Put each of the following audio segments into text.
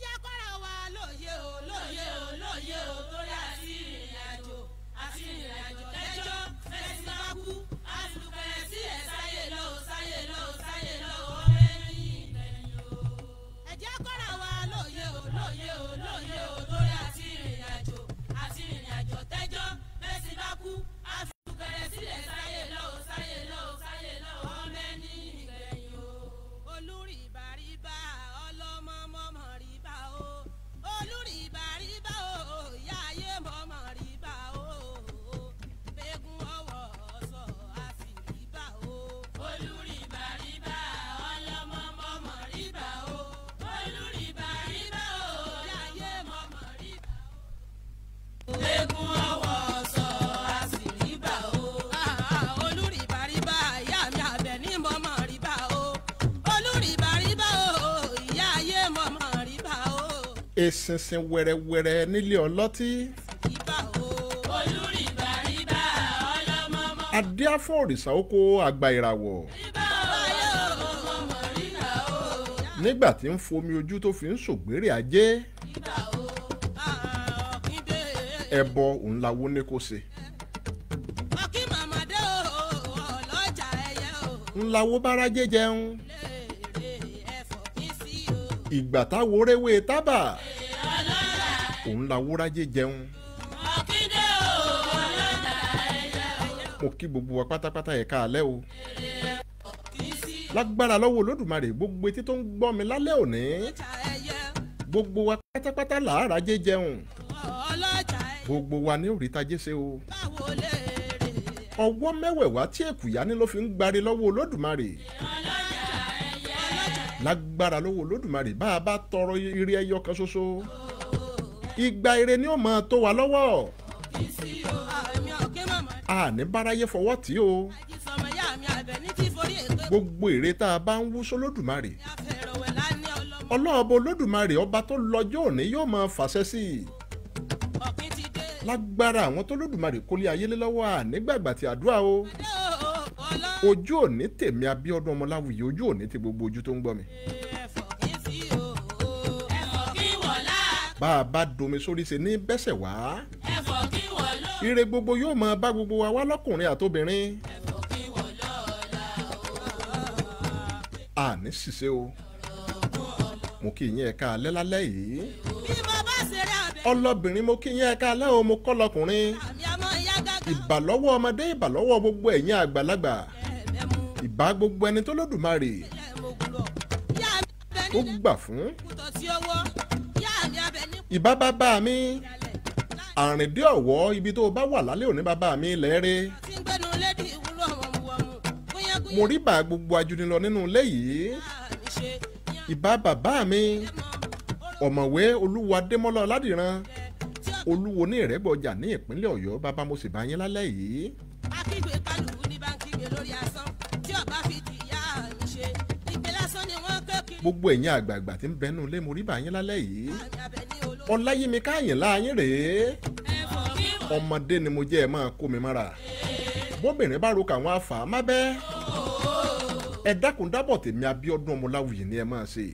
jẹ́ kọ́ra wa lóye o lóye o lóye o tó yá. èsìnsìn wẹ̀rẹ̀wẹ̀rẹ̀ nílé ọlọ́tí. ìbà o olùrìbàrìbà oko àgbà ìràwọ̀. nígbà tí ń fomi ojú tó fi ń ṣògbérè ajé. ìbà o àkíndé. ẹbọ òun lawó ní kò ṣe. ọkì màmá ńláwó bára jẹ́ jẹun ìgbà táwo réwé tábà òun la wúrájẹ jẹun. mo kí gbogbo wa pátápátá ẹ̀ka alẹ́ o. lágbára lọ́wọ́ olódùmarè gbogbo etí tó ń gbọ́ mi lálẹ́ òní. gbogbo wa pátápátá làárà jẹ jẹun. gbogbo wa ní òrìta jẹ́sẹ̀ o. ọwọ́ mẹ́wẹ̀wá tí èkúyà ni ló fi ń gbari lọ́wọ́ olódùmarè lágbára lọ́wọ́ olódùmarè bá a bá tọrọ ire ẹyọ kan ṣoṣo ìgbà ire ni ó máa tó wa lọ́wọ́ àní báráyé fọwọ́ tí o gbogbo ère tá a bá ń wú sólódùmarè ọlọ́ọ̀bọ olódùmarè ọba tó lọ́jọ́ òní yóò máa fàṣẹ sí i lágbára àwọn tó lódùmarè kólé ayélé lọ́wọ́ ànígbàgbà tí àdúrà o ojú òní tèmi Abíọ́dún Ọmọláwùyí ojú òní ti gbogbo ojú tó ń gbọ́ mi. Hey. bá a bá domi sórí ṣe ní bẹ́sẹ̀ wá. ire gbogbo yóò máa bá gbogbo wa wá lọ́kùnrin àtobìnrin. àní ṣìṣe o mo kí yín ẹ̀ka alẹ́ lálẹ́ yìí. ọlọ́bìnrin mo kí yín ẹ̀ka alẹ́ o mo kọ́ lọkùnrin. ìbàlọ́wọ́ ọmọdé ìbàlọ́wọ́ gbogbo ẹ̀yin àgbàlagbà. ìbà gbogbo ẹni tó lódùmarè. ó gbà fún ìbá bàbá mi àrìndé ọ̀wọ́ ibi tó bá wà lálẹ́ òní bàbá mi lẹ́rẹ́ mo rí bá gbogbo ajunilọ nínú ilé yìí ìbá bàbá mi ọ̀mọ̀wé olúwadémọ́lá ọládìran olúwo ní ìrẹ́gbọ̀jà ní ìpínlẹ̀ ọ̀yọ́ bàbá mo sì bá yín lálẹ́ yìí. akígbe pálùkù ní báńkì gbé lórí asán tí ọba fi di ìyá mi ṣe ìgbélásán ni wọ́n kékeré. gbogbo ẹ̀yin àgbààgbà tí ń bẹnu lé mo rí bá yín lálẹ́ yìí. ọláyímíká àyìnlá yín rèé ọmọdé ni mo jẹ́ ẹ máa kó mi mọ́ra bóbìnrin bá roka àwọn àfà má bẹ́ẹ̀ ẹ dákun dábọ̀ tèmi abíọ́dún ọmọláwùyí ni ẹ máa ṣe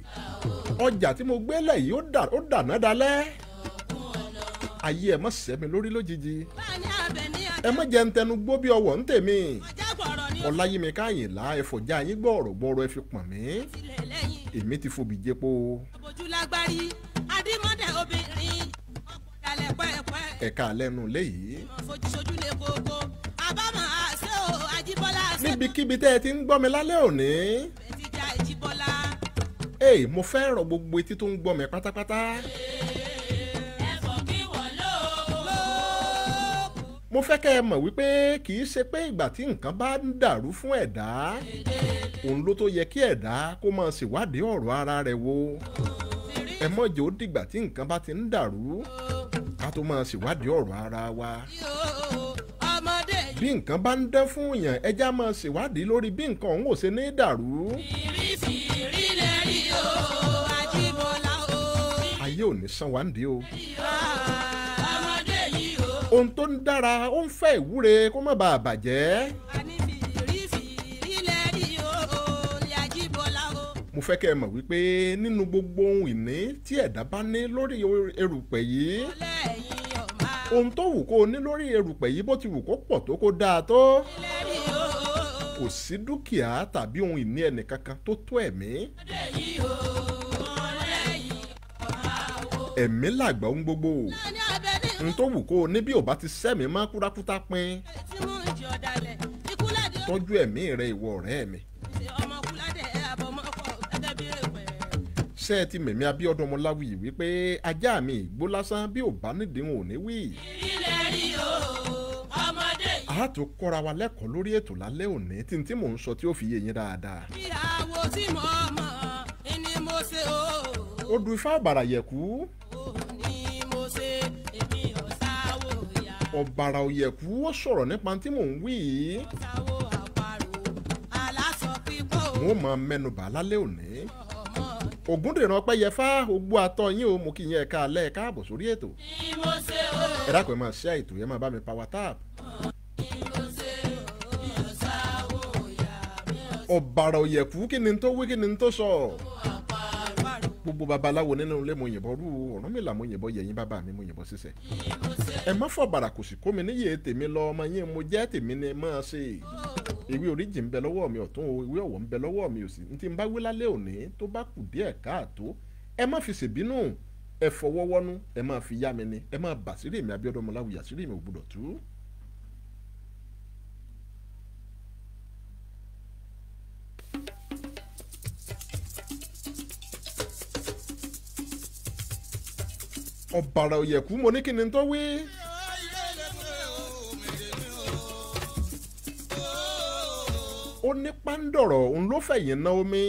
ọjà tí mo gbé lẹ̀ yìí ó dàná dalẹ́ ayé ẹ má sẹ́mi lórí lójijì ẹ má jẹ́ ntẹnu gbó bí ọwọ́ ntèmi ọláyímíká àyìnlá ẹ fọjá yín gbọ́ ọ̀rọ̀ gbọ́ọ̀rọ̀ ẹ fi pọ̀n mí èmi ti fòbí jẹ́pọ̀. adimọdẹ obìnrin ọpọlọlẹ pẹpẹ. ẹ̀ka lẹ́nu léyìí. ìmọ̀fojúsojú lè koko àbámọ̀ àṣẹ o àjíbọ́lá àṣẹ. níbikíbi tẹ́ ẹ ti ń gbọ́ mi lálẹ́ òní. bẹ́tíjà ìjíbọ́lá. ee mo fẹ́ rọ gbogbo etí tó ń gbọ́ mi pátápátá. ẹ kí wọ́n lò ó. mo fẹ́ kẹ́ ẹ mọ̀ wípé kì í ṣe pé ìgbà tí nǹkan bá ń dàrú fún ẹ̀dá òun ló tó yẹ kí ẹ̀dá kó máa ṣèwádìí ọ̀rọ̀ ara rẹ̀ wò ẹ mọ̀jẹ̀ ó dìgbà tí nǹkan bá ti ń dàrú ká tó máa ṣèwádìí ọ̀rọ̀ ara wa. bí nǹkan bá ń dán fún yàn ẹja máa ṣèwádìí lórí bí nǹkan òun ò ṣe ní dàrú. fìrífìrí lè rí o àjíbọ̀lá o. ayé ò ní san wá o. ọmọdé yìí o. ohun tó ń dára ó ń fẹ́ ìwúre kó má bàa bàjẹ́. mo fẹ́ kẹ́ ẹ mọ̀ wípé nínú gbogbo ohun ìní tí ẹ̀dá bá ní lórí erùpẹ̀ yìí ohun tó wù kó o ní lórí erùpẹ̀ yìí bó ti wù kó pọ̀ tó kó dáa tó kò sí dúkìá tàbí ohun ìní ẹnìkankan tó tó ẹ̀mí ẹ̀mí làgbà ohun gbogbo ohun tó wù kó o ní bí o bá ti sẹ́mi má kúrakúta pin tọ́jú ẹ̀mí rẹ ìwọ ọ̀rẹ́ mi. ṣe ti mẹ̀mí Abíọ́dún Ọmọláwuyì wípé ajá mi ìgbó lásán bí ò bá nídìí òun ò ní wí. ilé rí o a tó kọ́ra wa lẹ́kọ̀ọ́ lórí ètò lálẹ́ òní tí n tí mò ń sọ tí ó fi yé dáadáa. ìyàwó tí mo mọ̀ ni mo ṣe o. odù ifá ọ̀bàrà yẹ̀kú. ọ̀bàrà òyẹ̀kú ó sọ̀rọ̀ nípa tí mò ń wí yìí. ọ̀sáwò àparò aláṣọ pípọ̀. n òní ògúndìrán pẹ́yẹfà ogbó atọ́ yín o mo kì í yẹn ẹ̀ka alẹ́ káàbọ̀ sórí ètò ẹ dákun ẹ máa ṣe ètò yẹn máa bá mi power tap. ọ̀bàrà òyẹ̀kú kí ni tó wí kí ni tó sọ. So gbogbo babaláwo nínú ilé mo yìnbọn rú Ọ̀rúnmìlà mo yìnbọn yẹ̀yìn bàbá mi mo yìnbọn sísẹ̀. ẹ má fọ bàrà kò sì kó mi níyè tèmi lọ ọmọ yín mo jẹ́ tèmi ni máa ṣe ìwé oríjì ń bẹ lọ́wọ́ mi ọ̀tún o ìwé ọ̀wọ̀ ń bẹ lọ́wọ́ mi òsì ní ti ń bá wí lálẹ́ òní tó bá kù díẹ̀ káàtó ẹ má fi ṣèbínú ẹ fọwọ́wọ́nú ẹ má fi yá mi ni ẹ má bà sírí mi Abíọ́dún Ọmọláwùyí àṣírí mi ò tú. ọ̀bàrà òyẹ̀kú mo ní kí ni tó wí. ó ní pándọ̀rọ̀ òun ló fẹ̀yìn ná omi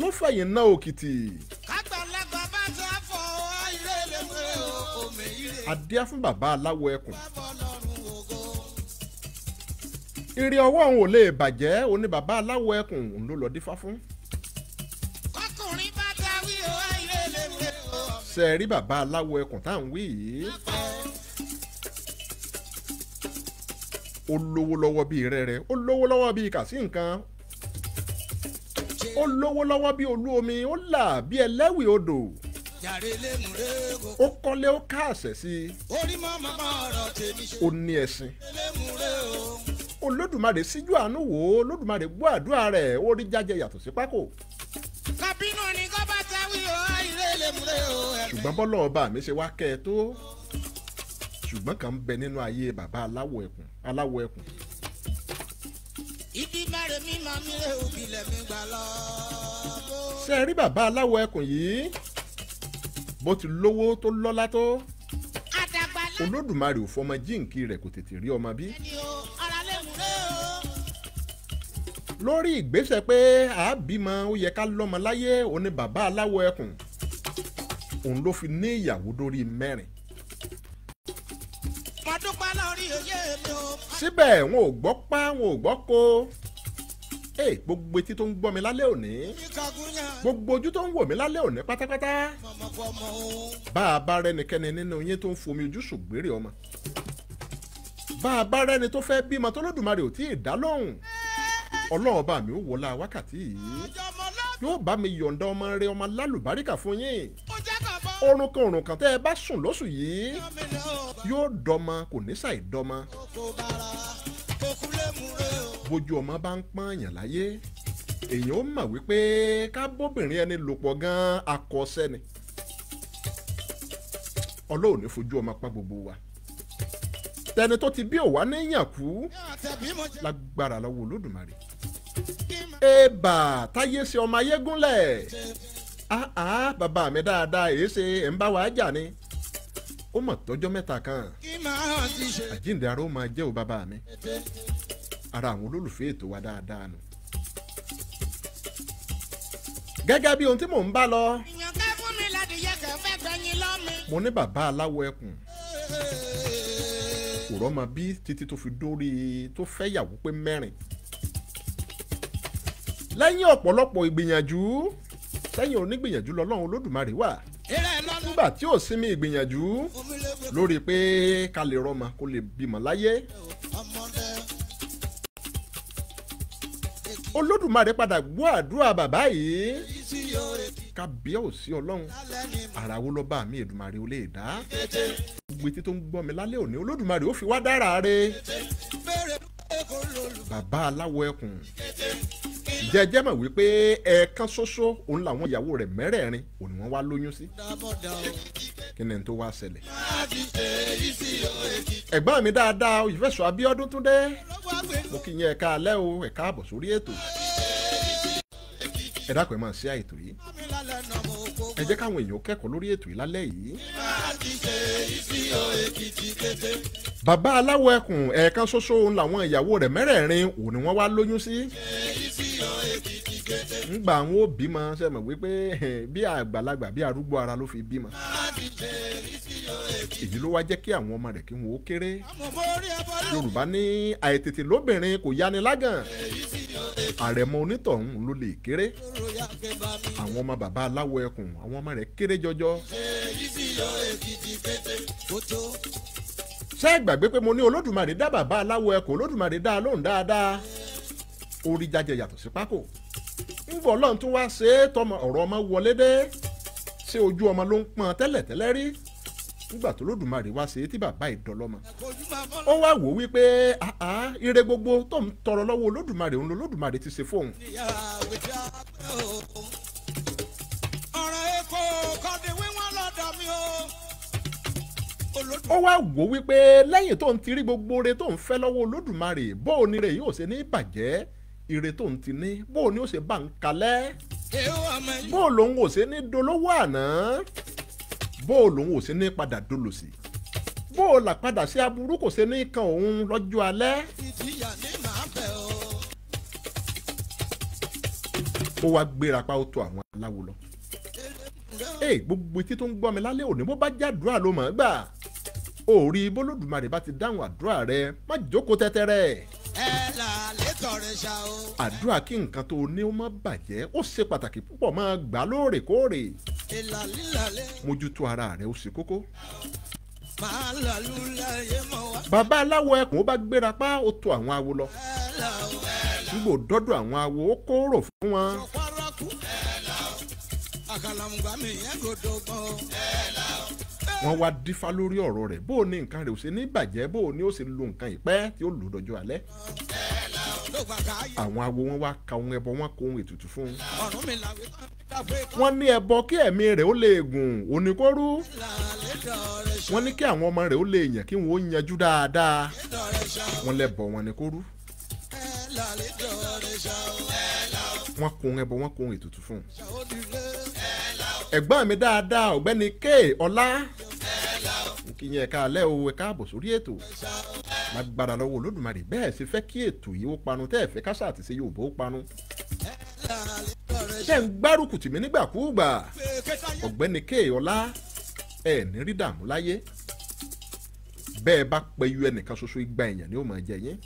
ló fẹ̀yìn ná òkìtì. adíá fún bàbá aláwọ̀ ẹkùn ire ọwọ́ òun ò lè bàjẹ́ òun bàbá aláwọ̀ ẹkùn òun ló lọ́ọ́ dífá fún. ṣe rí bàbá aláwọ̀ ẹkùn tá à ń wí yìí ó lówó lọ́wọ́ bíi rẹ́rẹ́ ó lówó lọ́wọ́ bíi kàsí nǹkan ó lówó lọ́wọ́ bíi olú omi ó là bíi ẹlẹ́wìí odò ó kọ́lé ó ká àṣẹ sí i ó ní ẹṣin olódùmarè síjú àánú wò ó olódùmarè gbọ́ àdúrà rẹ̀ ó rí jájẹ yàtọ̀ sí pákó. kábí ṣùgbọ́n bọ́lọ̀ ọba mi ṣe wá kẹ́ ẹ tó ṣùgbọ́n kàn ń bẹ nínú ayé bàbá aláwọ̀ ẹkùn aláwọ̀ ẹkùn. ìdí mẹ́rin mi máa mi lé òbílẹ̀ mi gbà lọ. ṣé ẹ rí bàbá aláwọ̀ ẹkùn yìí bó ti lówó tó lọ́lá tó olódùmarè ò fọmọ jíǹkì rẹ̀ kò tètè rí ọmọ bí. lórí ìgbésẹ̀ pé àbímọ ó yẹ ká lọ́mọ láyé òní bàbá aláwọ̀ ẹkùn òun ló fi ní ìyàwó dórí mẹ́rin. mo dúpẹ́ lórí òye mi o. síbẹ̀ wọn ò gbọ́ pa wọn ò gbọ́ ko ee gbogbo etí tó ń gbọ́ mi lálẹ́ òní gbogbo ojú tó ń wò mí lálẹ́ òní pátápátá bá a bá rẹ́nikẹ́ni nínú yín tó ń fomi ojú ṣùgbérè ọmọ bá a bá rẹ́ni tó fẹ́ bímọ tó ò tí ì dá lóhùn ọlọ́run bá mi ó wọlá wákàtí yìí yóò bá mi yọ̀ǹda ọmọ rẹ ọmọ lálùbáríkà fún yín. ó jẹ́ orun kan orun kan tẹ́ ẹ bá sùn lóṣù yìí yóò dọmọ kò ní ṣàì dọmọ bójú ọmọ bá ń pọ́nyàn láyé èèyàn ó mọ̀ wípé ká bóbìnrin ẹni lò pọ̀ gan-an akọ́ṣẹ́ ni ọlọ́run ní fojú ọmọ pa gbogbo wa tẹni tó ti bí òwa ní yànkú lágbára lọ́wọ́ olódùmarè. ẹ bà táyé ṣe ọmọ ayégúnlẹ̀ ah ah bàbá mi dáadáa èyí ṣe ẹ̀ ń bá wa jà ni ó mọ̀ tọ́jọ́ mẹ́ta kan àjíǹde ara ó máa jẹ́ ò bàbá mi ara àwọn olólùfẹ́ ètò wa dáadáa nù. gẹ́gẹ́ bí ohun tí mò ń bá lọ mo ní bàbá aláwọ̀ ẹkùn kò rọ́mọ bí títí tó fi dórí tó fẹ́ yàwó pé mẹ́rin lẹ́yìn ọ̀pọ̀lọpọ̀ ìgbìyànjú lẹ́yìn onígbìyànjú lọ́lọ́run olódùmarè wà nígbà tí ò sinmi ìgbìyànjú lórí pé ká lè rọmọ kó lè bímọ láyé olódùmarè padà gbọ́ àdúrà bàbá yìí kábíyèsí ọlọ́run àràwọ̀ lọ́ba mi èdùmarè ó lè dá gbogbo etí tó ń gbọ́ mi lálẹ́ òní olódùmarè ó fi wá dára re bàbá aláwọ̀ ẹkùn jẹjẹ mọ̀ wípé ẹ̀ẹ̀kan ṣoṣo òun làwọn ìyàwó rẹ̀ mẹ́rẹ̀ẹ̀rin òun ni wọ́n wá lóyún sí kí ni tó wá ṣẹlẹ̀. ẹ̀gbọ́n mi dáadáa Oyèfẹ̀sọ́ Abíọ́dún tún dé mo kí yín ẹ̀ka alẹ́ o ẹ̀ka àbọ̀ sórí ètò ẹ dákun ẹ máa ṣe àìtò yìí ẹ jẹ́ káwọn èèyàn kẹ́kọ̀ọ́ lórí ètò yìí lálẹ́ yìí. bàbá aláwọ̀ ẹkùn ẹ̀ẹ̀kan ṣoṣo làwọn ìyàwó rẹ̀ mẹ́rẹ̀ẹ̀rin òun ni wọ́n wá lóyún sí ngbà àwọn ò bímọ sẹ́mi wípé bí àgbàlagbà bí arúgbó ara ló fi bímọ. èyí ló wá jẹ́ kí àwọn ọmọ rẹ̀ kí wọn ó kéré. yorùbá ní àìtètè lóbìnrin kò yani lágàn àrẹ̀mọ onítọ̀hún ló lè kéré àwọn ọmọ bàbá aláwọ̀ ẹkùn àwọn ọmọ rẹ̀ kéré jọjọ. ṣé ẹ gbàgbé pé mo ní olódùmarè dá bàbá aláwọ̀ ẹkùn olódùmarè dá lóhùn dáadáa orí jájẹ yàtọ̀ sí pákó ńgbọ́ ọlọ́run tún wá ṣe é tọmọ ọ̀rọ̀ ọmọ wọlé dé ṣé ojú ọmọ ló ń pọn tẹ́lẹ̀tẹ́lẹ̀ rí nígbà tó lódùmarè wá ṣe é tí bàbá ìdọ́lọ́mọ. ó wá wò wípé àá ire gbogbo tó ń tọrọ lọ́wọ́ olódùmarè òun lolódùmarè ti ṣe fóun. ọ̀rọ̀ èkó kọ́ni wíwọ́n lọ́dọ̀ mi o ó wá wò wípé lẹ́yìn tó ń tiri gbogbo re tó ń fẹ́ lọ́wọ́ olódùmarè bó onire yóò ṣe ní bàjẹ́ ire tó ń ti ní bó o ní ó ṣe bá ń kalẹ̀ bó o lòun ò ṣe ní dolówó àná bó o lòun ò ṣe ní padà dolòṣì bó o là padà sí aburú kò ṣe ní kan òun lọ́jọ́ alẹ́. o. ó wá gbéra pa ó tó àwọn aláwo lọ. ee gbogbo etí tó ń gbọ́ mi lálẹ́ òní bó bá jádùúrà ló mọ̀ ọ́ gbà ó rí bólódùmarè bá ti dáhùn àdúrà rẹ má jókòó tẹ́tẹ́rẹ́. ẹ lálẹ́ àdúrà kí nǹkan tó ní ó má bàjẹ́ ó ṣe pàtàkì púpọ̀ máa gbà lóòrèkóòrè mójútó ara rẹ ó ṣe kókó. bàbá aláwọ̀ ẹkùn ó bá gbéra pa ó tó àwọn awo lọ nígbò dọ́dọ̀ àwọn awo ó kóró fún wọn. wọ́n wá dífá lórí ọ̀rọ̀ rẹ̀ bó ní nǹkan rẹ̀ ò ṣe ní bàjẹ́ bó ní ó ṣe lo nǹkan ìpẹ́ tí ó lò dọjọ́ alẹ́ àwọn awo wọn wá ka ohun ẹbọ wọn kó ohun ètùtù fún un. wọ́n ní ẹbọ kí ẹ̀mí rẹ̀ ó lè gùn oníkóró wọ́n ní kí àwọn ọmọ rẹ̀ ó lè yàn kí wọ́n ó yanjú dáadáa wọ́n lẹ́bọ wọn ní kóró wọ́n kó ohun ẹbọ wọ́n kó ohun ètùtù fún un. ẹ̀gbọ́n mi dáadáa ọ̀gbẹ́ni k ọlá kí yẹn ká alẹ́ o ẹ káàbọ̀ sórí ètò lágbára lọ́wọ́ olódùmarè bẹ́ẹ̀ sì fẹ́ kí ètò yìí ó panu tẹ́ ẹ̀ fẹ́ káṣá àti ṣe Yorùbá ó panu. ṣé ń gbárùkù tì mí nígbàkúùgbà ọ̀gbẹ́ni kéèyọ́lá ẹ̀ ní rí dààmú láyé bẹ́ẹ̀ bá pẹ́yú ẹnìkan ṣoṣo igba èèyàn ni ó máa jẹ yín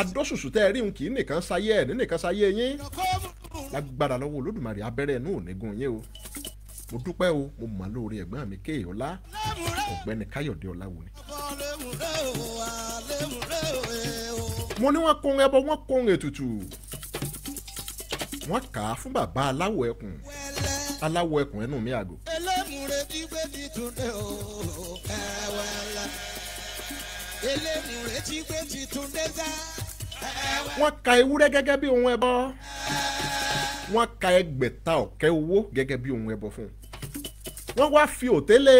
adóṣùṣù tẹ́ ẹ rí òun kì í nìkan sáyé ẹ̀ ní nìkan sáyé yín lágbára lọ́wọ́ olódùmarè abẹ́rẹ́ inú ò mo dúpẹ́ o mo mà lóore ẹ̀gbọ́n mi kéè ọlá ọ̀gbẹ́ni káyọ̀dé ọláwọlé. mo ní wọ́n kóhun ẹbọ wọ́n kóhun ètùtù wọ́n kà á fún bàbá aláwọ̀ ẹkùn aláwọ̀ ẹkùn ẹnu mi àgò. elémùrè tí gbé ti túnde o ka ewúrẹ́ gẹ́gẹ́ bí ohun ẹbọ wọ́n ka ẹgbẹ̀ta ọ̀kẹ́ owó gẹ́gẹ́ bí ohun ẹbọ fún un wọ́n wá fi òtélé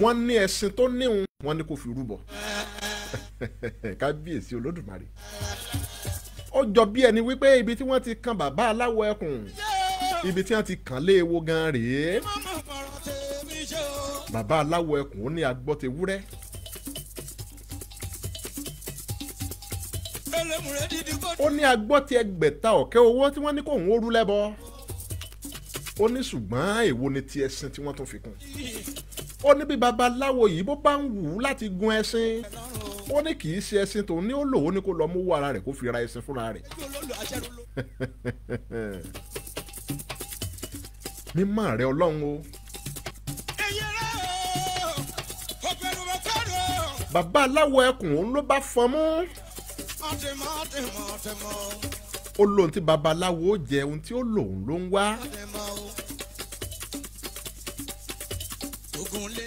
wọ́n ní ẹṣin tó níhun wọ́n ní kó fi rúbọ kábíyèsí olódùmarè ó jọ bí ẹni wípé ibi tí wọ́n ti kan bàbá aláwọ̀ ẹkùn ibi tí wọ́n ti kàn lé ewo gan rèé bàbá aláwọ̀ ẹkùn ó ní agbọ́tewúrẹ́. ó ní agbọ́tẹ ẹgbẹ̀ta ọ̀kẹ́ owó tí wọ́n ní kóun ó rú lẹ́bọ ó ní ṣùgbọ́n èwo ni ti ẹṣin tí wọ́n tún fi kún ó ní bí babaláwo yìí bó bá ń wù ú láti gun ẹṣin ó ní kì í ṣe ẹṣin tòun ní ó lòun ní kó lọ mú owó ara rẹ̀ kó fi ra ẹṣin fúnra rẹ̀ mímọ́ rẹ ọlọ́run o. bàbá ẹkùn ló bá fọn ó lóhun tí babaláwo jẹ ohun tí ó lòun ló ń wá.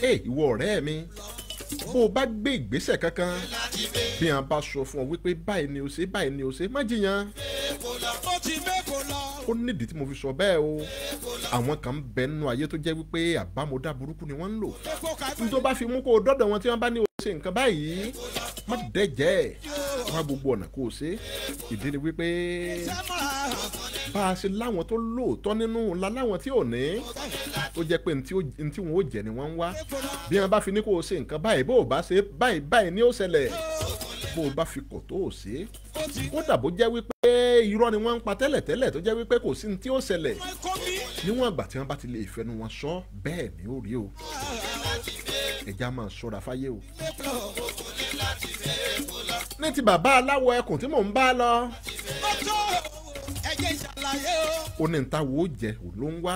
ẹ ìwọ ọ̀rẹ́ mi bó o bá gbé ìgbésẹ̀ kankan bí wọn bá sọ fún ọ wípé báyìí ni o ṣe báyìí ni o ṣe má jiyàn ó nídìí tí mo fi sọ bẹ́ẹ̀ o àwọn kan bẹ́ẹ̀ nínú ayé tó jẹ́ wípé àbámọ̀dá burúkú ni wọ́n ń lò tó bá fi mú kó o dọ́dọ̀ wọn tí wọ́n bá ní o ṣe nǹkan báyìí má dẹ́jẹ́ ẹ̀ wá gbogbo ọ̀nà kó o ṣe ìdí ni wípé bá a ṣe láwọn tó lóòótọ́ nínú ńlá láwọn tí ò ní ó jẹ́ pé ní tí wọ́n jẹ́ ni wọ́n ń wá bí wọ́n bá fi ní kó o ṣe nǹkan báyìí bó o bá ṣe báyìí báyìí ni ó ṣẹlẹ̀ bó o bá fi kọ̀ tó o ṣe kódà bó jẹ́ wípé irọ́ ni wọ́n ń pa tẹ́lẹ̀ tẹ́lẹ̀ tó jẹ́ wípé kò sí ní tí ó ṣẹlẹ̀ níwọ̀n àgbà tí wọ́n bá ti lè fẹnu wọn sọ bẹ́ẹ̀ ni ó rí o ẹja máa ṣọ́ra fáyé o. ní ti bàbá aláwọ̀ ẹkùn tí mò ń bá lọ. ó ní ntàwọ̀ ó jẹ ò ló ń wá.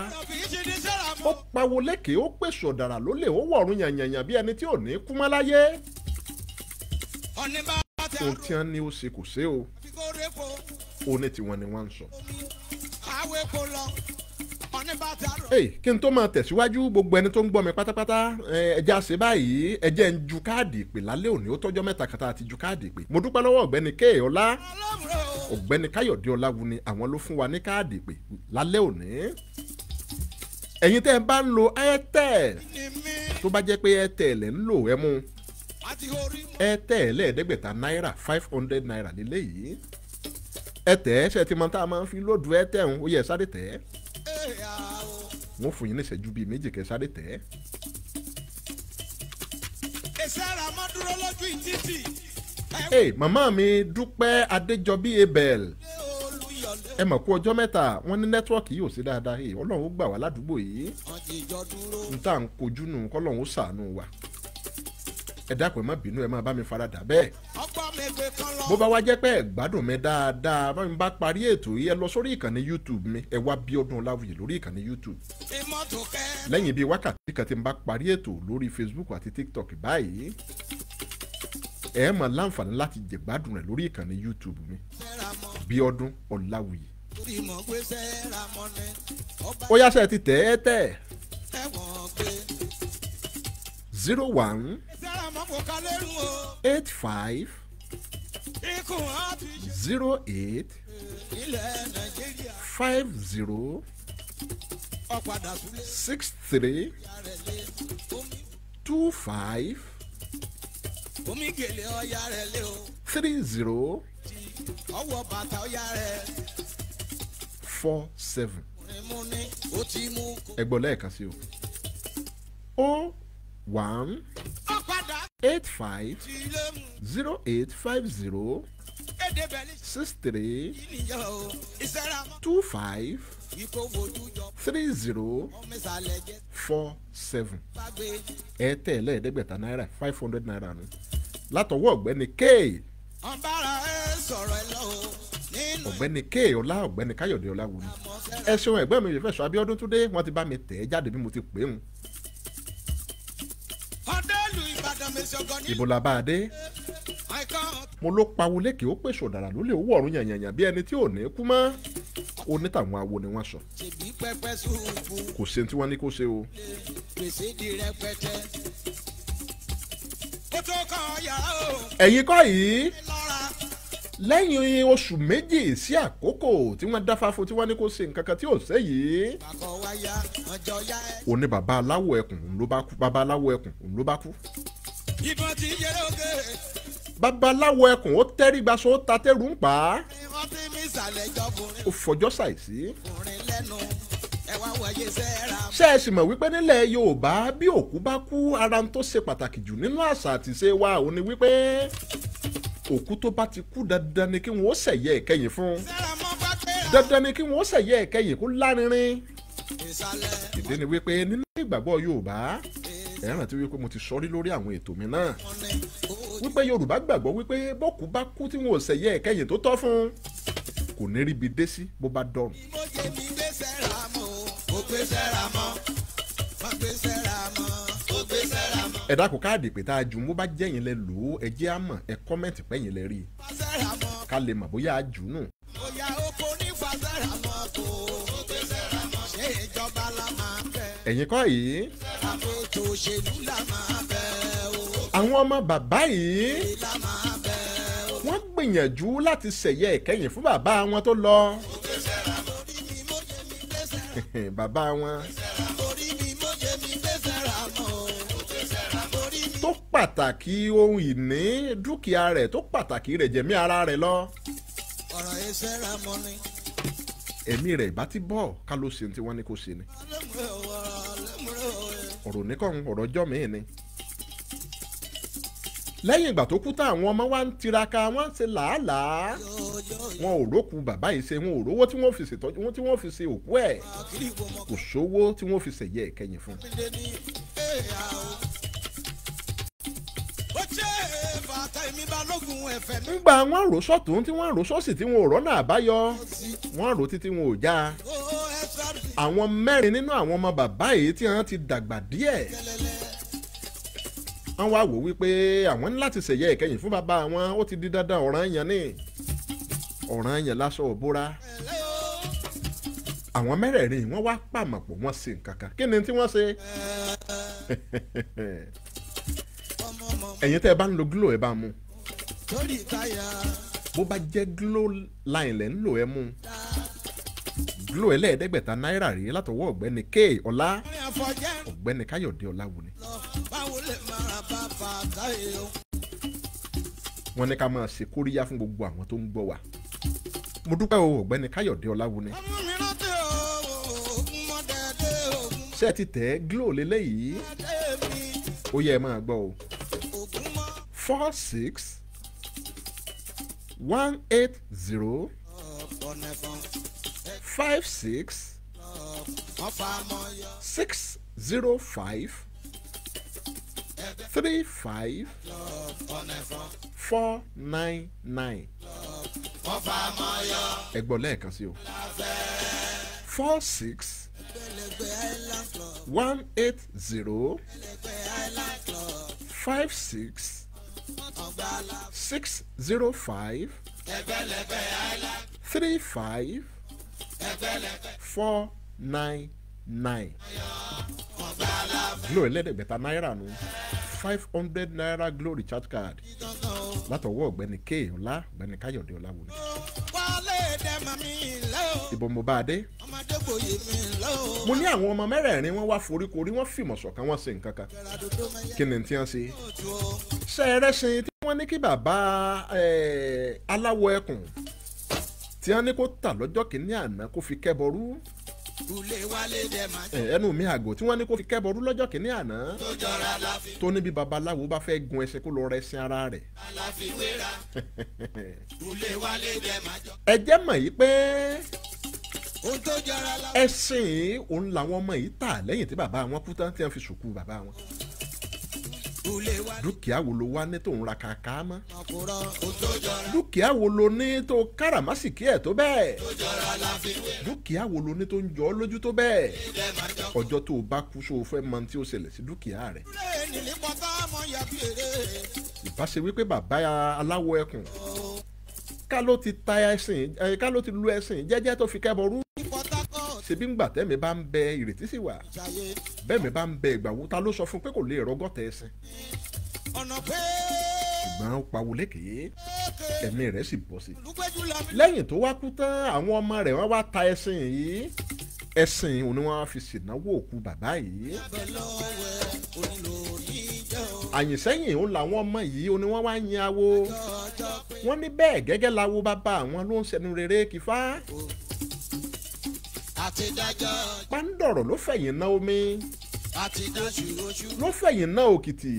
ó pawó lékè ó pèsè ọ̀dàrà lólè ó wọ̀ọ̀rùn yànyànyàn bí ẹni tí ò ní kú mọ́ láyé. ohun tí wọ́n ní ó ṣe kò ṣe o. ó ní tiwọn ni wọ́n ń sọ. Hey, kí n tó máa tẹ̀síwájú gbogbo ẹni tó ń gbọ́ mi pátápátá ẹja ṣe báyìí ẹjẹ́ ń ju káàdì ìpè lálẹ́ òní ó tọ́jọ́ mẹ́ta kàtà àti ju káàdì ìpè mo dúpẹ́ lọ́wọ́ ọ̀gbẹ́ni kéè ọlá ọ̀gbẹ́ni káyọ̀dé ọláwuni àwọn ló fún wa ní káàdì ìpè lálẹ́ òní ẹ̀yin tẹ́ ẹ bá ń lo airtel tó bá jẹ́ pé airtel ẹ̀ ń lò ẹ mú airtel ẹ̀ẹ́dẹ́gbẹ̀ta náírà five hundred naira lélẹ́yìí airtel ṣe ti mọ tá a máa ń wọ́n fún yín ní ìṣẹ́jú bíi méjì kẹsàrẹ́ tẹ́. èsì ara máa dúró lójú ìtìtì. ee màmá mi dúpẹ́ adéjọbí abel ẹ mọ̀ kú ọjọ́ mẹ́ta wọ́n ní nẹ́tíwọ́ọ̀kì yóò sí dáadáa ẹ ọlọ́run ó gbà wá ládùúgbò yìí n tá à ń kojú nù kọ́lọ́run ó ṣàánú wa ẹ dákun ẹ má bínú ẹ má bá mi faradà bẹ́ẹ̀ bó bá wá jẹ́ pé gbádùn mi dáadáa bá mi bá parí ètò yìí ẹ lọ sórí ìkànnì YouTube mi ẹ wá Bíọ́dún Ọláwuyì lórí ìkànnì YouTube. lẹ́yìn bíi wákàtí kan tí n bá parí ètò lórí Facebook àti TikTok báyìí ẹ máa láǹfààní láti jẹ̀gbádùn rẹ̀ lórí ìkànnì YouTube mi Bíọ́dún Ọláwuyì. ó yá ṣe ti tẹ̀ ẹ́ tẹ̀ zero one eight five zero eight five zero six three two five three zero four seven ẹgbọ́n lẹ́ẹ̀kan sí o o one eight five zero eight five zero six three two five three zero four seven ẹ tẹ̀ lẹ́ẹ̀ẹ́dẹ́gbẹ̀ta náírà five hundred naira ni látọwọ́ ọ̀gbẹ́ni k. ọ̀gbẹ́ni k ọlá ọ̀gbẹ́ni káyọ̀dé ọlá wò ni ẹ ṣeun ẹ̀gbẹ́ mi yìí fẹ́ sọ abíọ́dún túndé wọ́n ti bá mi tẹ̀ ẹ́ jáde bí mo ti pè é mu. ibo la bá a mo ló pawó lékè ó pèsè ọ̀dàrà lólè owó ọ̀run yànyànyàn bí ẹni tí ò ní kú mọ́ ó awo ni wọ́n sọ kò ṣe tí wọ́n ní kó ṣe o. ẹ̀yin kọ́ yìí lẹ́yìn oṣù méjì sí àkókò tí wọ́n dáfá tí wọ́n ní kó ṣe nǹkan tí ò ṣe yìí. òní bàbá aláwọ̀ ẹkùn ló bá kú bàbá aláwọ̀ ẹkùn ló bá kú ìbọn ti yẹ lóge. babaláwo ẹkùn ó tẹ́rí gbaṣọ ó ta tẹ́rù ń pa á. wọ́n ti mí ìsàlẹ̀ jọkùnrin. ó fọjọ́ ṣàìsí. kùnrin lẹ́nu ṣe é sì mọ̀ wípé nílẹ̀ Yorùbá bí òkú bá kú ara tó ṣe pàtàkì jù nínú àṣà àti ṣe wa ò ní wípé òkú tó bá ti kú dandan ni kí wọ́n ṣẹ̀yẹ ìkẹyìn fún dandan ni kí wọ́n ṣẹ̀yẹ ìkẹyìn kó lárinrin ìdí ni wípé nínú ìgbàgbọ́ Yorùbá ẹ rántí wípé mo ti sọrí lórí àwọn ètò mi náà wípé Yorùbá gbàgbọ́ wípé bókú bá kú tí wọn ò ṣẹ̀yẹ ẹ̀kẹ́yìn tó tọ́ fún un kò ní ríbi dé sí bó bá dọ̀rùn. mo jẹ́ mi gbé sẹ́ra mọ́ o gbé sẹ́ra mọ́ má gbé sẹ́ra mọ́ o gbé sẹ́ra mọ́. ẹ dákun káàdì pé tá a jù mú bá jẹ́yìn lẹ lò ó ẹ jẹ́ àmọ̀ ẹ kọ́mẹ̀ntì pẹ́yìn lẹ rí i ká lè mọ̀ bóyá a jù nù. ẹ̀yin kọ́ yìí tòṣèlú la máa fẹ́ o. àwọn ọmọ bàbá yìí wọ́n gbìyànjú láti ṣẹ̀yẹ ìkẹyìn fún bàbá wọn tó lọ. bàbá wọn tó pàtàkì ohun ìní dúkìá rẹ̀ tó pàtàkì rẹ̀ jẹ̀mí ara rẹ̀ lọ. ẹ̀mí rẹ̀ ìbá ti bọ̀ ká ló ṣe ní tí wọ́n ní kó ṣe ni ọ̀rọ̀ nìkan ọ̀rọ̀ jọ́ mi ni. lẹ́yìn ìgbà tó kú tán àwọn ọmọ wa ń tiraka wọ́n ń ṣe làálàá wọn ò rókù bàbá yìí ṣe wọn ò rówó tí wọ́n fi ṣe tọ́jú wọn tí wọ́n fi ṣe òkú ẹ̀ kò sówó tí wọ́n fi ṣèyẹ ìkẹyìn fún un ngbà wọn rò sọ́tún tí wọ́n rò sọ́sì tí wọn ò rọ́nà àbáyọ wọ́n rò títí wọn ò já àwọn mẹ́rin nínú àwọn ọmọ bàbá yìí tí wọ́n ti dàgbà díẹ̀ wọ́n wá wò wípé àwọn ní láti ṣèyẹ ìkẹyìn fún bàbá wọn ó ti di dandan ọ̀ranyàn ni ọ̀ranyàn láṣọ òbúra àwọn mẹ́rẹ̀ẹ̀rin wọ́n wá pàmọ̀pọ̀ wọ́n ṣe nǹkan kan kí ni tí wọ́n ṣe ẹ̀yin tẹ́ ẹ bá ń lo glo ẹ bá mú bó bá jẹ́ glo line lẹ́ ń lò ẹ mú àpérò ẹlẹ́ẹ̀ẹ́dẹ́gbẹ̀ta náírà rèé látọwọ́ ọ̀gbẹ́ni k ọlá ọ̀gbẹ́ni káyọ̀dé ọláwọlé. wọ́n ní ká máa ṣe kóríyá fún gbogbo àwọn tó ń gbọ́ wa mo dúpẹ́ o ọ̀gbẹ́ni káyọ̀dé ọláwọlé. ṣé ẹ ti tẹ̀ glo lélẹ́yìí ó yẹ ẹ máa gbọ́ o four six one eight zero five six six zero five three five four nine nine ẹ̀gbọ́n lẹ́ẹ̀kan sí o four six one eight zero five six six zero five three five four nine nine glo ẹlẹ́dẹ̀gbẹ̀ta náírà nù five hundred naira glory charge card látọwọ́ ọ̀gbẹ́ni k ọlá ọ̀gbẹ́ni káyọ̀dé ọláwọlé. ìbò mo bá a dé. mo ní àwọn ọmọ mẹ́rẹ̀ẹ̀rin wọ́n wá foríkorí wọ́n fìmọ̀ ṣọ̀kan wọ́n ṣe nǹkan kan kí ni tí wọ́n ṣe. ṣe é rẹ́sìn tí wọ́n ní kí bàbá aláwọ̀ ẹkùn tí wọ́n ní kó tà lọ́jọ́ kìíní àná kó fi kẹ́bọrú ẹnu mi àgò tí wọ́n ní kó fi kẹ́bọrú lọ́jọ́ kìíní àná tó níbi babaláwo bá fẹ́ gun ẹṣin kó lọ rẹ ẹṣin ara rẹ̀. ẹ jẹ́ mọ̀ yìí pé ẹṣin òun làwọn ọmọ yìí tà lẹ́yìn tí bàbá wọn kú tán tí wọ́n fi sùkú bàbá wọn dúkìá wo ló wá ní tó ń ra kàkà mọ́ dúkìá wo ló ní tó káràmásìkí ẹ̀ tó bẹ́ẹ̀ dúkìá wo ló ní tó ń jọ ọ́ lójú tó bẹ́ẹ̀ ọjọ́ tó o bá kú sóò fẹ́ mọ tí ó ṣẹlẹ̀ sí dúkìá rẹ̀ ìbáṣe wípé bàbá aláwọ̀ ẹkùn ká ló ti lu ẹ̀sìn jẹ́jẹ́ tó fi kẹ́bọrú ṣebí ńgbà tẹ́mi bá ń bẹ ìrètí sí wa bẹ́ẹ̀ mi bá ń bẹ ìgbà wo ta ló sọ fún pé kò lè rọgọ́tẹ̀ ẹsẹ̀ ṣùgbọ́n ó pawó lékèé ẹ̀mí rẹ̀ sì bọ̀ sí lẹ́yìn tó wá kú tán àwọn ọmọ rẹ̀ wọ́n wá ta ẹṣin yìí ẹṣin òun fi ṣèdánwó òkú bàbá yìí àyìnsẹ́yìn òun làwọn ọmọ yìí òun wá yin awo wọ́n ní bẹ́ẹ̀ gẹ́gẹ́ lawo bàbá àwọn ló ń ṣẹnu rere kìfá. Oh àti dájọ́. pàǹdọ̀rọ̀ ló fẹ̀yìn ná omi. àti dán ṣùgbọ́ṣù. ló fẹ̀yìn ná òkìtì.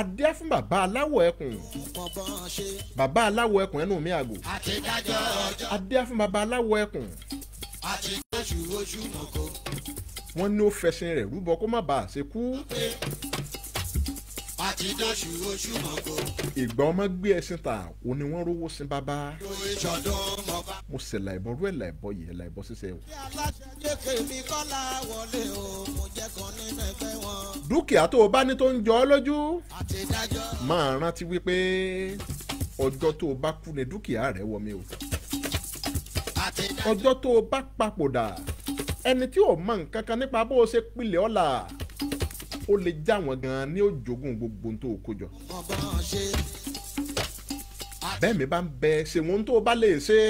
adé fún bàbá aláwọ̀ ẹkùn. bàbá aláwọ̀ ẹkùn ẹnu mi àgò. àti dájọ́ ọjọ́. adé fún bàbá aláwọ̀ ẹkùn. àti dán ṣùgbọ́ṣù mọ̀kọ́. wọ́n ní ó fẹsẹ̀ rẹ̀ rúbọ kó má bàa ṣe kú. Okay ti dọ̀ṣù oṣù ìgbà ọmọ gbé ẹṣin ta òun ni wọ́n rówó sin bàbá. mo sì làìbọ̀ rú ẹ̀ làìbọ̀ yìí làìbọ̀ ṣiṣẹ́ o. dúkìá tó o bá ní tó ń jọ ọ́ lójú máa rántí wípé ọjọ́ tó o bá kú ni dúkìá rẹ̀ wọmi o ọjọ́ tó o bá papòdà ẹni tí ò mọ nǹkan kan nípa bó o ṣe pilẹ̀ ọ̀la ó lè já wọn gan-an ní òjògùn gbogbo tó o kó jọ. bẹ́ẹ̀ mi bá ń bẹ ṣe wọn tó bá lè ṣe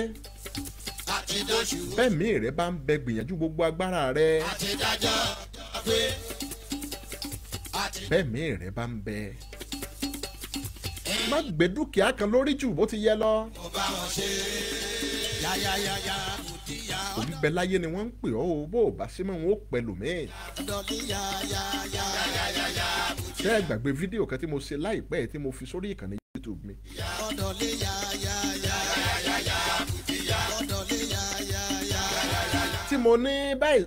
bẹ́ẹ̀ mi rẹ̀ bá ń bẹ gbìyànjú gbogbo agbára rẹ̀ bẹ́ẹ̀ mi rẹ̀ bá ń bẹ má gbé dúkìá kan lórí jù bó ti yẹ lọ. yáyáyáyá bẹ láyé ni wọ́n ń pè ọ́ o bó o bá sí mọ́ wọn ó pẹ́ lòmíì. tẹ́ ẹ gbàgbé fídíò kan tí mo ṣe láìpẹ́ tí mo fi sórí ìkànnì YouTube mi. tí mo ní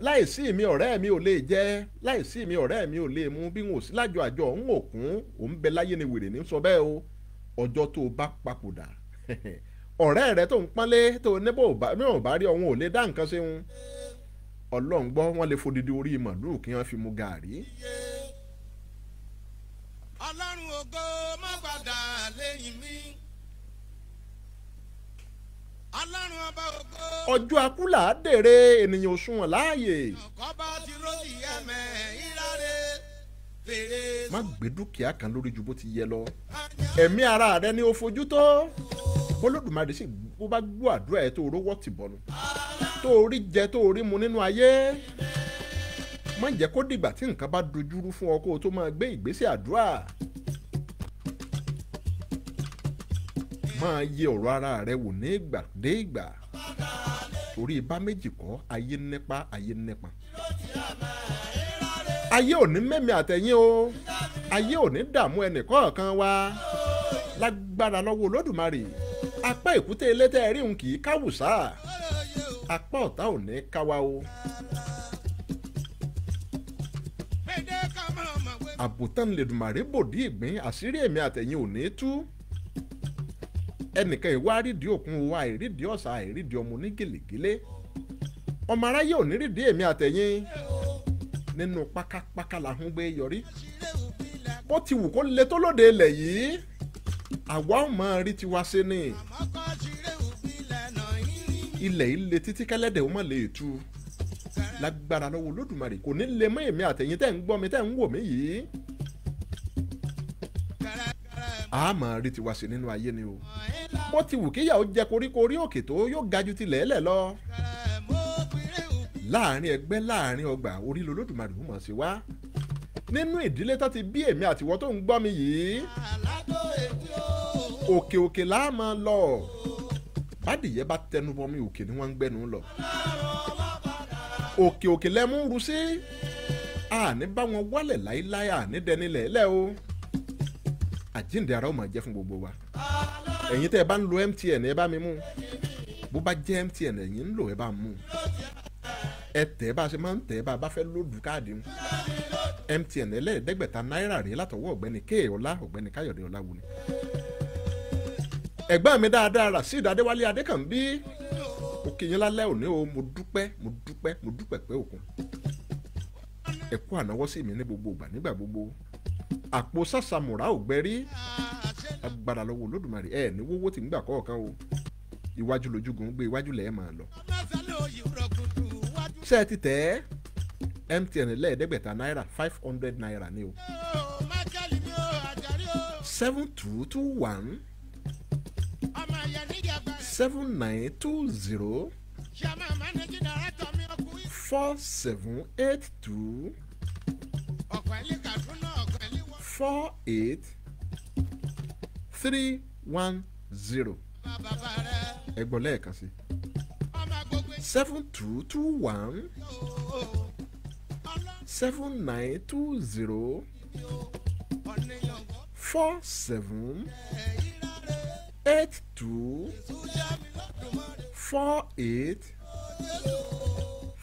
láìsí mi ọ̀rẹ́ mi ò lè jẹ́ láìsí mi ọ̀rẹ́ mi ò lè mu bí wọn ò sí lájọ àjọ ń òkun òun bẹ láyé ni wèrè ní sọ bẹ́ẹ̀ o ọjọ́ tó o bá papòdà ọ̀rẹ́ rẹ tó ń pọ́nlé tó ní bò mìíràn bá rí ọ̀hún ò lè dá nǹkan ṣe ń ọlọ́run gbọ́ wọ́n lè fodidi orí màlúù kí wọ́n fi mu gàrí. ọlọ́run ògo má padà lẹ́yìn mi ọlọ́run ọba ògo. ọjọ́ akúlà dèrè ènìyàn òṣùwọ̀n láàyè. ọkọ bá ti rọ́ọ̀lì ẹ̀mẹ́ ìlàrè fèrè. má gbé dúkìá kan lórí ju bó ti yẹ lọ ẹ̀mí ara rẹ ni ó fojú tó bọ́lọ́dùmarè sì bó bá gbọ́ àdúrà ẹ̀ tó rówó tì bọ́nu tó rí jẹ tó rí mu nínú ayé má jẹ́ kó dìgbà tí nǹkan bá dojúrú fún ọ kó o tó máa gbé ìgbésẹ̀ àdúrà máa yẹ ọ̀rọ̀ ara rẹ wò ní ìgbà dé ìgbà torí ibà méjì kọ́ ayé nípa ayé nípa ayé ò mẹ́mi àtẹ̀yìn o ayé ò dààmú ẹnì kọ̀ọ̀kan wa lágbára lọ́wọ́ olódùmarè apá èkúté ilé tẹ́ ẹ rí òun kì í káwùsà apá ọ̀tá ò ní káwa o. àbùtán lèdùmàrè bòdì ìgbín àṣírí èmi àtẹ̀yìn ò ní tú ẹnìkan ìwà àrídìí òkun wa àìrídìí ọ̀sà àìrídìí ọmọ ní gèlègélé ọmọ aráyé ò ní rídìí èmi àtẹ̀yìn nínú pákápáká làhún gbé yọrí bó ti wù kó le tó lóde ilẹ̀ yìí àwa ò mọ rí tiwa ṣe ni ilẹ̀ ilé títí kẹlẹ́dẹ̀ ó mọ̀ lè tu lágbára lọ́wọ́ olódùmarè kò ní lè mọ́ èmi àtẹ̀yìn tẹ̀ ń gbọ́ mi tẹ̀ ń wò mí yìí a máa rí tiwa ṣe nínú ayé ni o bó ti wù kíyà ó jẹ koríko orí òkè tó yóò ga ju ti lẹ́lẹ̀ lọ láàrin ẹgbẹ́ láàrin ọgbà orí lolódùmarè mọ̀ sí wa nínú ìdílé tó ti bí èmi àtiwọ́ tó ń gbọ́ mi yìí òkè òkè la máa lọ bádìyẹ bá tẹnu bọmi òkè ni wọ́n ń gbẹ́nu lọ òkè òkè lẹ́mú ru sí àní bá wọn wálẹ̀ láíláí àní dẹni lẹ́lẹ́ o àjíǹde ara ó máa jẹ́ fún gbogbo wa ẹ̀yin tẹ́ ẹ bá ń lo MTN ẹ bá mi mú bó bá jẹ́ MTN ẹ̀yin ń lò ẹ bá mú ẹ tẹ̀ bá a ṣe máa ń tẹ̀ bá a bá fẹ́ lòdù káàdì mu MTN ẹlẹ́ẹ̀ẹ́dẹ́gbẹ̀ta náírà rèé látọwọ́ ọ̀gbẹ́ni kéè ọlá ọ̀gbẹ́ni káyọ̀dé ọláwuni. ẹ̀gbọ́n mi dáadáa rasheed adéwálé adékànbí òkè yín lálẹ́ òní o mo dúpẹ́ mo dúpẹ́ mo dúpẹ́ pé òkun ẹ kú ànáwọ́ sí mi ní gbogbo ìgbà nígbà gbogbo àpò sàṣàmùrà ò gbẹ rí agbára lọ́wọ́ olódùmarè ẹ̀ ní wọ́wọ́ tí ń gbà kọ̀ọ̀kan o iwájú lójúgun gbé iwájú lẹ́ẹ̀ máa lọ. ṣé ẹ ti tẹ̀ MTN lẹ́ẹ̀ẹ́dẹ́gbẹ̀ta náírà five hundred naira ni o seven two two one. seven nine two zero four seven eight two four eight three one zero ẹ gbọ́ lẹ́ẹ̀kan seven two two one seven nine two zero four seven eight two four eight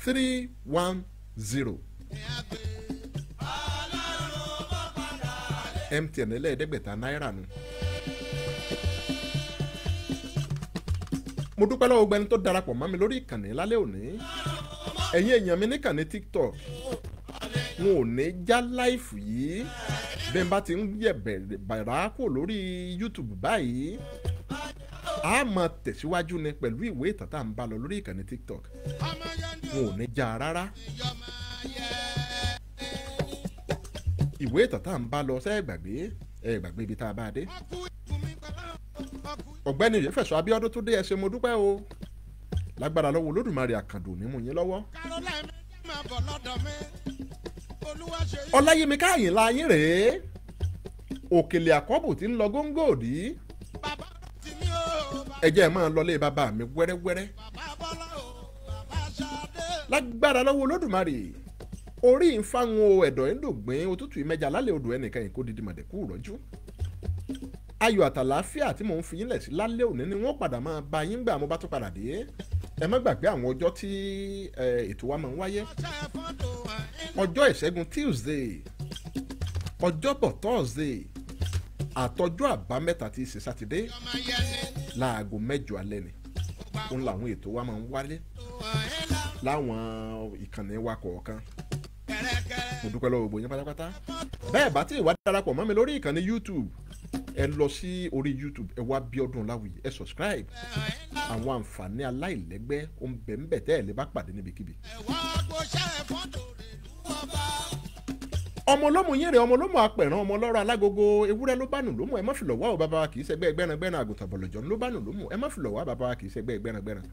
three one zero MTN ẹlẹ́ẹ̀ẹ́dẹ́gbẹ̀ta náírà nu. mo dúpẹ́ lọ́wọ́ gbẹni tó darapọ̀ mọ́ mi lórí ìkànnì lálẹ́ òní ẹ̀yin èèyàn mi níkànnì TikTok n ò ní já láìfù yìí bẹ́ẹ̀ bá ti ń yẹ̀ bẹ̀rẹ̀ bàrà kò lórí YouTube báyìí a máa tẹ̀síwájú ni pẹ̀lú ìwé ìtàn tá à ń bá lọ lórí ìkànnì TikTok wọn ò ní já rárá ìwé ìtàn tá à ń bá lọ sẹ́ẹ̀ gbàgbé ẹ̀ gbàgbé ibi tá a bá dé ọ̀gbẹ́ni ìyẹ́fẹ̀sọ Abíọ́dún tó dé ẹsẹ̀ mo dúpẹ́ o lágbára lọ́wọ́ Olódùmarè àkàndò nímú yín lọ́wọ́. ọláyẹmí káyìn la yín rèé òkèlè àkọ́bù ti ń lọ góńgòdì ẹ jẹ́ ẹ máa lọlé bàbá mi wẹ́rẹ́wẹ́rẹ́ lágbára lọ́wọ́ olódùmarè orí ìfáwọn ẹ̀dọ̀ ẹ̀ ń dògbìn òtútù ìmẹ́jà lálẹ́ odò ẹnìkan yìí kó didi màdẹ̀kú rọ́jú ayọ̀ àtàlàáfíà tí mò ń fi yín lẹ̀ sí lálẹ́ òní ni wọ́n padà máa bá yín gbà mo bá tún padà dé ẹ má gbàgbé àwọn ọjọ́ tí ètò wa máa ń wáyé ọjọ́ ìṣẹ́gun Tuesday ọjọ́bọ̀ Thursday àtọjọ́ àbámẹ́ta ti í ṣe sátidé láago mẹ́jọ alẹ́ ni ó ń làwọn ètò wa máa ń wálé láwọn ìkànnì wa kọ̀ọ̀kan mo dúpẹ́ lọ́wọ́ gbogbo yín pátápátá bẹ́ẹ̀ bá tí ìwà darapọ̀ mọ́ mi lórí ìkànnì YouTube ẹ lọ sí orí YouTube ẹ wá Bíọ́dún Ọláwuyì ẹ subscribe àwọn àǹfààní aláìlẹ́gbẹ́ ó ń bẹ̀ ń bẹ̀ tẹ́ ẹ̀ lè bá pàdé níbikíbi ọmọ ọlọ́mọ yẹn rẹ̀ ọmọ ọlọ́mọ apẹ̀rán ọmọ ọlọ́rọ̀ alágogo ewúrẹ́ ló bánu ló ẹ má fi lọ̀ wá o bàbá wa kì í ṣẹgbẹ́ gbẹ́rangbẹ́ran àgùntàn bọ̀lọ̀jọ̀ ló bánu ló ẹ má fi lọ̀ wá bàbá wa kì í ṣẹgbẹ́ gbẹ́rangbẹ́ran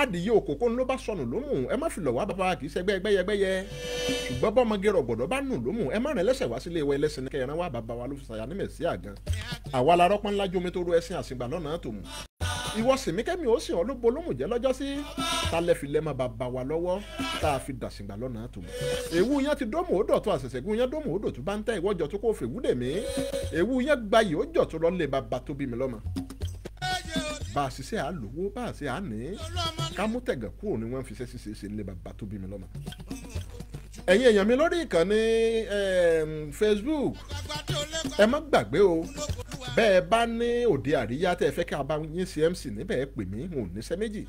adìyẹ òkòkò ló bá sọnù ló ẹ má fi lọ̀ wá bàbá wa kì í ṣẹgbẹ́ gbẹ́yẹgbẹ́yẹ ṣùgbọ́n bọ́mọge rọ̀gbọ̀dọ̀ bá nù ló mú ẹ má rìn lẹ́sẹ̀ wá sílé wa ẹlẹ́sìn kẹrin wá bàbá wa ló fi ṣàyà nímẹ̀ ìwọ sèmi kẹ́mi ó sì hàn ló bolómùjẹ́ lọ́jọ́ sí talẹ̀ fi lẹ́mọ̀ bàbá wa lọ́wọ́ tá a fi dàsìgbà lọ́nà tó mọ̀. èwu yẹn ti dómò ódò tó àṣẹṣẹ gun yẹn dómò ódò tó bá ń tẹ́ ìwọ́jọ tó kó fèwú dè mí èwu yẹn gbayì ó jọ tó lọ́lé bàbá tó bí mi lọ́mọ bá a ṣiṣẹ́ à lówó bá a ṣe à ní kámútẹ̀gàn kúrò ni wọ́n fi ṣẹ́ ṣiṣẹ́ ṣe lé bàbá tó bí mi ẹ̀yin èèyàn mi lórí ìkànnì ehm, Facebook ẹ má gbàgbé o bẹ́ẹ̀ bá ní òde àríyá tẹ́ ẹ fẹ́ ká bá yín CMC níbẹ̀ ẹ pè mí n ò níṣẹ́ méjì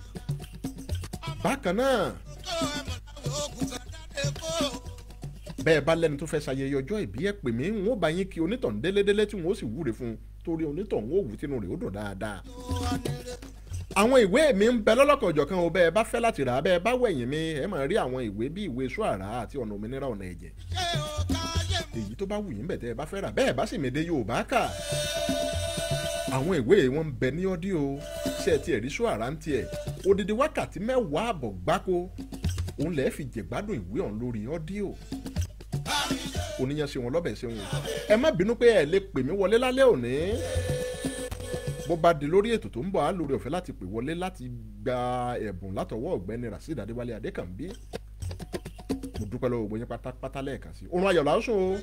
bákan náà bẹ́ẹ̀ bá lẹ́ni tó fẹ́ ṣayẹyẹ ọjọ́ ìbí ẹ pè mí n ó bá yín kí onítàn délédélé tí n ó sì wúre fún un torí onítàn n ó wù tínú rẹ̀ ó dùn dáadáa àwọn ìwé mi ń bẹ lọ́lọ́kan òjọ̀kan o bẹ́ẹ̀ bá fẹ́ láti rà á bẹ́ẹ̀ bá wẹ̀yìn mi ẹ máa rí àwọn ìwé bí ìwé iṣu àrà àti ọ̀nà òmìnira ọ̀nà ẹ̀jẹ̀ èyí tó bá wù yín bẹ̀ tẹ́ ẹ bá fẹ́ rà bẹ́ẹ̀ bá sì mèdè Yorùbá kà àwọn ìwé wọn ń bẹ ní ọ́díò ṣe ti ẹ̀rí iṣu àrà ń tiẹ̀ odidi wákàtí mẹ́wàá àbọ̀ gbáko òun lẹ́ẹ̀ fi jẹ̀gbádùn ìwé ọ̀hún lórí ọ́díò oníyanṣe wọn lọ́bẹ̀ ṣe wọn ẹ má bínú pé ẹ lè pè mí wọlé lálẹ́ òní bó bá di lórí ètò tó ń bọ̀ á lórí ọ̀fẹ́ láti pè wọlé láti gba ẹ̀bùn látọwọ́ ọ̀gbẹ́ni Rasheed Adéwálé Adékànbí mo dúpẹ́ lọ́wọ́ gbogbo yín pátápátá lẹ́ẹ̀kan sí oorun ayọ̀ lásán o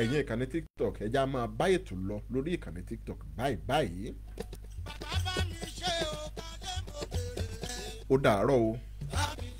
ẹ̀yin ìkànnì TikTok ẹ̀já máa bá ètò lọ lórí ìkànnì TikTok báyìí báyìí ó dàárọ̀ o.